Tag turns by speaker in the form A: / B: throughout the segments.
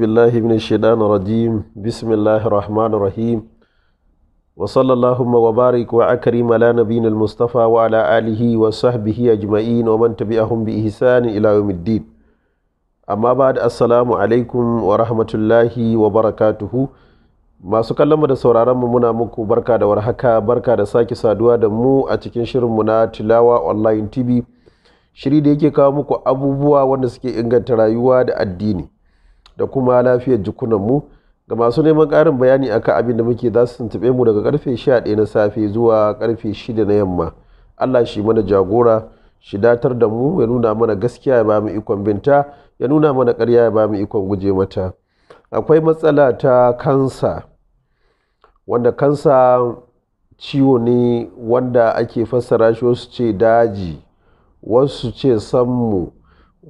A: بالله من الشيطان الرجيم بسم الله الرحمن الرحيم وصلى اللهم وبارك وأكرم على نبينا المصطفى وعلى آله وصحبه أجمعين ومن تبعهم بإحسان إلى يوم الدين أما بعد السلام عليكم ورحمة الله وبركاته Masu kallonmu da sauraronmu muna muku barka da warhaka barka da sake saduwa da mu a cikin shirinmu na Tilawa Online TV. Shiri da yake kawo muku abubuwa wanda suke inganta rayuwa da addini da kuma lafiyar jikunanmu. Ga masu neman ƙarin bayani akan abin da muke za su tuntuɓe mu daga karfe 11 na safe zuwa karfe 6 na yamma. Allah shi mana jagora, shi datar da mu ya nuna mana gaskiya ya bamu ikon binta, ya nuna mana ƙarya ya bamu ikon guje mata. Akwai matsala ta kansa wanda kansa ciwo ne wanda ake fassara shi wasu ce daji wasu ce sammu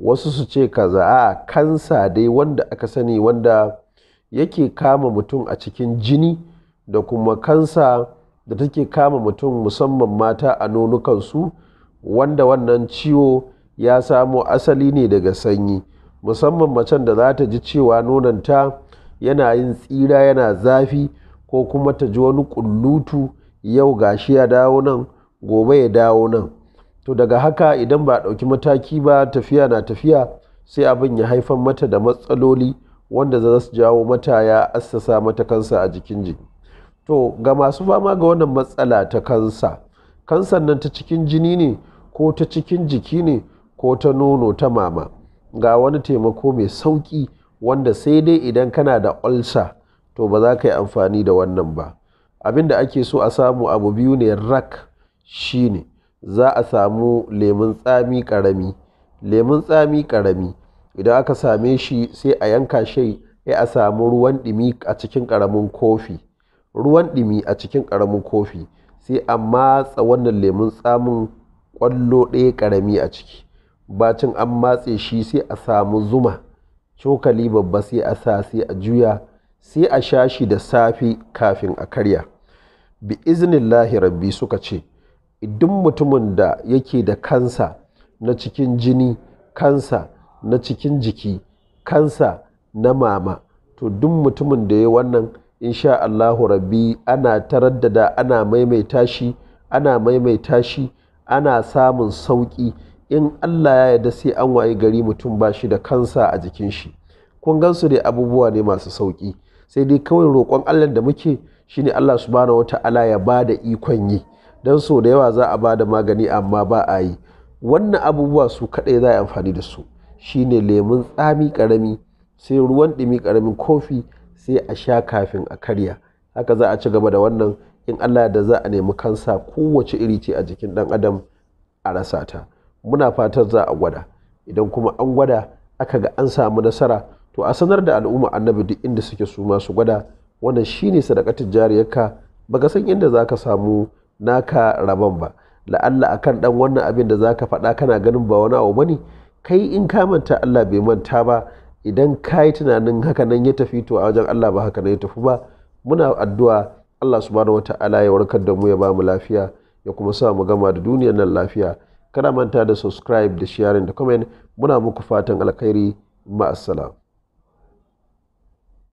A: wasu su ce kaza a kansa dai wanda aka sani wanda yake kama mutum a cikin jini da kuma kansa da take kama mutum musamman mata a nonukansu wanda wannan ciwo ya samo asali ne daga sanyi musamman macen da za ta ji cewa nonanta yana yin tsira yana zafi ko kuma ta ji wani ƙullutu yau ga shi ya dawo nan gobe ya dawo nan to daga haka idan ba a ɗauki mataki ba tafiya na tafiya sai abin ya haifar mata da matsaloli wanda za su jawo mata ya assasa mata kansa a jikin jini to ga masu fama ga wannan matsala ta kansa kansan nan ta cikin jini ne ko ta cikin jiki ne ko ta nono ta mama ga wani taimako mai sauƙi wanda sai dai idan kana da ulcer to ba za ka yi amfani da wannan ba abin da ake so a samu abu biyu ne rak shine za a samu lemun tsami karami lemun tsami ƙarami idan aka same shi sai a yanka shi sai a samu ruwan ɗimi a cikin ƙaramin kofi ruwan dimi a cikin karamin kofi sai a matsa wannan lemun tsamin kwallo ɗaya karami a ciki bacin an matse shi sai a samu zuma cokali babba sai a sa sai a juya sai a sha shi da safe kafin a karya bi iznin rabbi suka ce idan mutumin da yake da kansa na cikin jini kansa na cikin jiki kansa na mama to duk mutumin da ya wannan insha Allahu rabbi ana taraddada ana maimaita shi ana maimaita shi ana samun sauƙi in Allah ya yarda sai an waye gari mutum ba shi da kansa a jikin shi kun gansu dai abubuwa ne masu sauƙi sai dai kawai roƙon Allah da muke shine Allah subhanahu wata'ala ya ba da ikon yi don so da yawa za a ba da magani amma ba a yi wannan abubuwa su kaɗai za a yi amfani da su shine lemun tsami ƙarami sai ruwan ɗumi ƙaramin kofi sai a sha kafin a karya haka za a ci gaba da wannan in Allah da za a nemi kansa kowace iri ce a jikin ɗan adam a rasa ta muna fatan za a gwada idan kuma an gwada aka ga an samu nasara to a sanar da al'umma annabi duk inda suke su masu gwada wannan shine sadakatin jariyarka baka san inda zaka samu naka rabon ba la'alla akan dan wannan abin da zaka faɗa kana ganin ba wani abu bane kai in ka manta Allah bai manta ba idan ka tunanin haka nan ya tafi to a wajen Allah ba haka nan ya tafi ba muna addu'a Allah subhanahu wata'ala ya warkar da mu ya ba mu lafiya ya kuma sa mu gama da duniyar nan lafiya kada manta da subscribe da sharing da comment muna muku fatan alkhairi ma'assalam